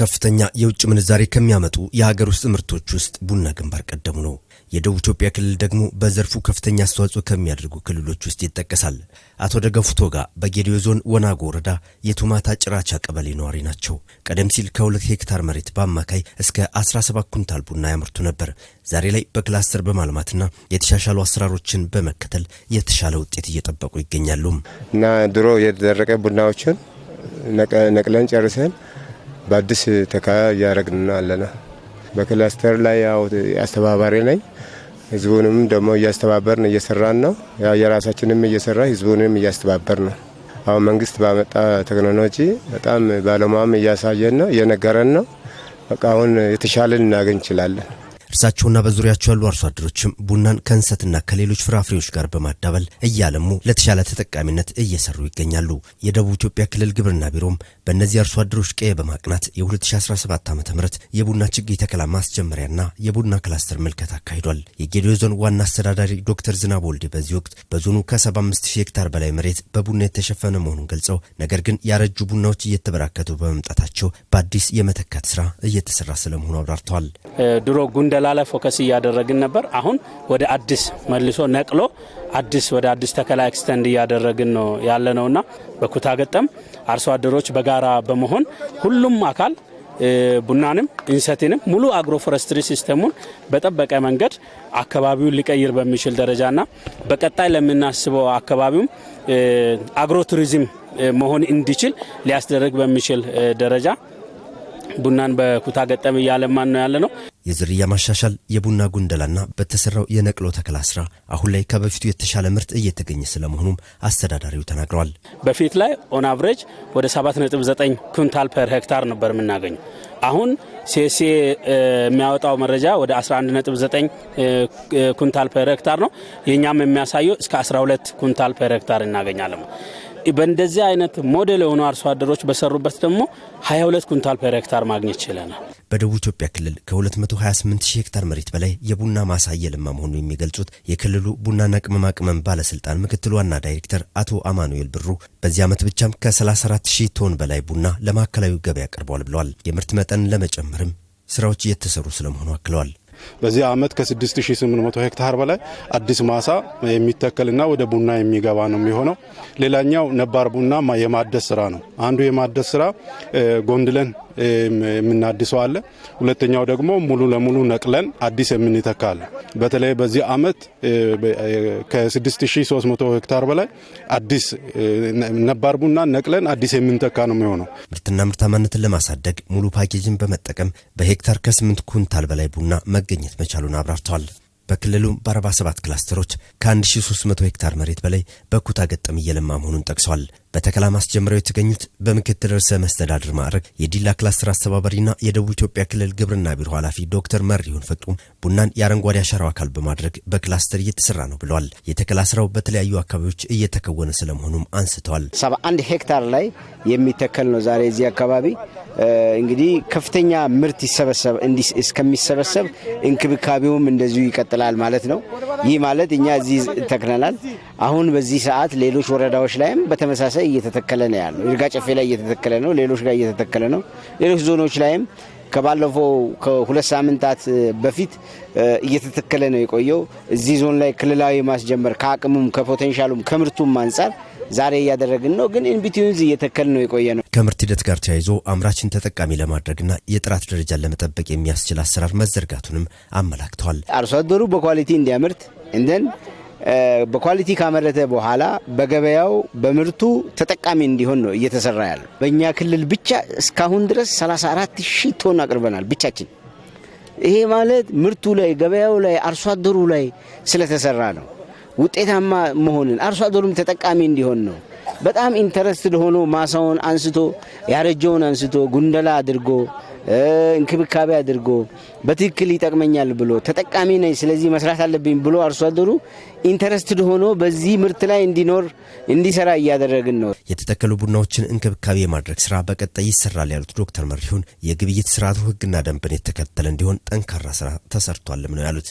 ከፍተኛ የውጭ ምንዛሬ ከሚያመጡ የሀገር ውስጥ ምርቶች ውስጥ ቡና ግንባር ቀደሙ ነው። የደቡብ ኢትዮጵያ ክልል ደግሞ በዘርፉ ከፍተኛ አስተዋጽኦ ከሚያደርጉ ክልሎች ውስጥ ይጠቀሳል። አቶ ደገፉ ቶጋ በጌዲዮ ዞን ወናጎ ወረዳ የቱማታ ጭራቻ ቀበሌ ነዋሪ ናቸው። ቀደም ሲል ከሁለት ሄክታር መሬት በአማካይ እስከ 17 ኩንታል ቡና ያመርቱ ነበር። ዛሬ ላይ በክላስተር በማልማትና የተሻሻሉ አሰራሮችን በመከተል የተሻለ ውጤት እየጠበቁ ይገኛሉ እና ድሮ የተደረቀ ቡናዎችን ነቅለን ጨርሰን በአዲስ ተካ እያደረግን አለና በክላስተር ላይ ያው አስተባባሪ ነኝ። ህዝቡንም ደግሞ እያስተባበርን እየሰራን ነው። ያው የራሳችንም እየሰራ ህዝቡንም እያስተባበር ነው። አሁን መንግስት ባመጣ ቴክኖሎጂ በጣም ባለሙያም እያሳየን ነው፣ እየነገረን ነው። በቃ አሁን የተሻለን እናገኝ እንችላለን። እርሳቸውና በዙሪያቸው ያሉ አርሶ አደሮችም ቡናን ከእንሰትና ከሌሎች ፍራፍሬዎች ጋር በማዳበል እያለሙ ለተሻለ ተጠቃሚነት እየሰሩ ይገኛሉ። የደቡብ ኢትዮጵያ ክልል ግብርና ቢሮም በእነዚህ አርሶ አደሮች ቀየ በማቅናት የ2017 ዓ ም የቡና ችግኝ ተከላ ማስጀመሪያና የቡና ክላስተር ምልከታ አካሂዷል። የጌዲዮ ዞን ዋና አስተዳዳሪ ዶክተር ዝናብ ወልዴ በዚህ ወቅት በዞኑ ከ75000 ሄክታር በላይ መሬት በቡና የተሸፈነ መሆኑን ገልጸው ነገር ግን ያረጁ ቡናዎች እየተበራከቱ በመምጣታቸው በአዲስ የመተካት ስራ እየተሰራ ስለመሆኑ አብራርተዋል። ድሮ ጉንዳ ወደላ ፎከስ እያደረግን ነበር። አሁን ወደ አዲስ መልሶ ነቅሎ አዲስ ወደ አዲስ ተከላ ኤክስተንድ እያደረግን ነው ያለ ነውና በኩታ ገጠም አርሶ አደሮች በጋራ በመሆን ሁሉም አካል ቡናንም እንሰትንም ሙሉ አግሮ ፎረስትሪ ሲስተሙን በጠበቀ መንገድ አካባቢውን ሊቀይር በሚችል ደረጃና በቀጣይ ለምናስበው አካባቢውም አግሮ ቱሪዝም መሆን እንዲችል ሊያስደረግ በሚችል ደረጃ ቡናን በኩታ ገጠም እያለማን ነው ያለ ነው። የዝርያ ማሻሻል የቡና ጉንደላና በተሰራው የነቅሎ ተከላ ስራ አሁን ላይ ከበፊቱ የተሻለ ምርት እየተገኘ ስለመሆኑም አስተዳዳሪው ተናግረዋል። በፊት ላይ ኦን አቨሬጅ ወደ 7.9 ኩንታል ፐር ሄክታር ነበር የምናገኘው። አሁን ሴሴ የሚያወጣው መረጃ ወደ 11.9 ኩንታል ፐር ሄክታር ነው። የእኛም የሚያሳየው እስከ 12 ኩንታል ፐር ሄክታር እናገኛለን። በእንደዚህ አይነት ሞዴል የሆኑ አርሶ አደሮች በሰሩበት ደግሞ 22 ኩንታል ፐር ሄክታር ማግኘት ችለናል። በደቡብ ኢትዮጵያ ክልል ከ228 ሺህ ሄክታር መሬት በላይ የቡና ማሳ እየለማ መሆኑ የሚገልጹት የክልሉ ቡናና ቅመማ ቅመም ባለስልጣን ምክትል ዋና ዳይሬክተር አቶ አማኑኤል ብሩ በዚህ ዓመት ብቻም ከ34 ሺህ ቶን በላይ ቡና ለማዕከላዊ ገበያ ቀርቧል ብለዋል። የምርት መጠን ለመጨመርም ስራዎች እየተሰሩ ስለመሆኑ አክለዋል። በዚህ ዓመት ከ6800 ሄክታር በላይ አዲስ ማሳ የሚተከልና ወደ ቡና የሚገባ ነው የሚሆነው። ሌላኛው ነባር ቡና የማደስ ስራ ነው። አንዱ የማደስ ስራ ጎንድለን የምናድሰው አለ። ሁለተኛው ደግሞ ሙሉ ለሙሉ ነቅለን አዲስ የምንተካለ። በተለይ በዚህ አመት ከ6300 ሄክታር በላይ አዲስ ነባር ቡና ነቅለን አዲስ የምንተካ ነው የሚሆነው። ምርትና ምርታማነትን ለማሳደግ ሙሉ ፓኬጅን በመጠቀም በሄክታር ከ8 ኩንታል በላይ ቡና መገኘት መቻሉን አብራርተዋል። በክልሉም በ47 ክላስተሮች ከ1300 ሄክታር መሬት በላይ በኩታ ገጠም እየለማ መሆኑን ጠቅሰዋል። በተከላ ማስጀምሪያው የተገኙት በምክትል ርዕሰ መስተዳድር ማዕረግ የዲላ ክላስተር አስተባባሪና የደቡብ ኢትዮጵያ ክልል ግብርና ቢሮ ኃላፊ ዶክተር መሪሁን ፍጡም ቡናን የአረንጓዴ አሻራው አካል በማድረግ በክላስተር እየተሰራ ነው ብለዋል። የተከላ ስራው በተለያዩ አካባቢዎች እየተከወነ ስለመሆኑም አንስተዋል። 71 ሄክታር ላይ የሚተከል ነው። ዛሬ እዚህ አካባቢ እንግዲህ ከፍተኛ ምርት ይሰበሰብ እስከሚሰበሰብ እንክብካቤውም እንደዚሁ ይቀጥላል ማለት ነው። ይህ ማለት እኛ እዚህ ተክለናል። አሁን በዚህ ሰዓት ሌሎች ወረዳዎች ላይም በተመሳሳይ እየተተከለ ነው ያለው። ይርጋ ጨፌ ላይ እየተተከለ ነው፣ ሌሎች ላይ እየተተከለ ነው። ሌሎች ዞኖች ላይም ከባለፈው ከሁለት ሳምንታት በፊት እየተተከለ ነው የቆየው። እዚህ ዞን ላይ ክልላዊ ማስጀመር ከአቅሙም ከፖቴንሻሉም ከምርቱም አንጻር ዛሬ እያደረግን ነው፣ ግን ኢንቢቲዩንዝ እየተከል ነው የቆየ ነው። ከምርት ሂደት ጋር ተያይዞ አምራችን ተጠቃሚ ለማድረግና የጥራት ደረጃን ለመጠበቅ የሚያስችል አሰራር መዘርጋቱንም አመላክተዋል። አርሶ አደሩ በኳሊቲ እንዲያመርት እንደን በኳሊቲ ካመረተ በኋላ በገበያው በምርቱ ተጠቃሚ እንዲሆን ነው እየተሰራ ያለ በእኛ ክልል ብቻ እስካሁን ድረስ 34 ሺህ ቶን አቅርበናል ብቻችን። ይሄ ማለት ምርቱ ላይ ገበያው ላይ አርሶ አደሩ ላይ ስለተሰራ ነው። ውጤታማ መሆንን አርሶ አደሩም ተጠቃሚ እንዲሆን ነው። በጣም ኢንተረስትድ ሆኖ ማሳውን አንስቶ ያረጀውን አንስቶ ጉንደላ አድርጎ እንክብካቤ አድርጎ በትክክል ይጠቅመኛል ብሎ ተጠቃሚ ነኝ፣ ስለዚህ መስራት አለብኝ ብሎ አርሶ አደሩ ኢንተረስትድ ሆኖ በዚህ ምርት ላይ እንዲኖር እንዲሰራ እያደረግን ነው። የተተከሉ ቡናዎችን እንክብካቤ የማድረግ ስራ በቀጣይ ይሰራል ያሉት ዶክተር መሪሁን የግብይት ስርዓቱ ህግና ደንብን የተከተለ እንዲሆን ጠንካራ ስራ ተሰርቷልም ነው ያሉት።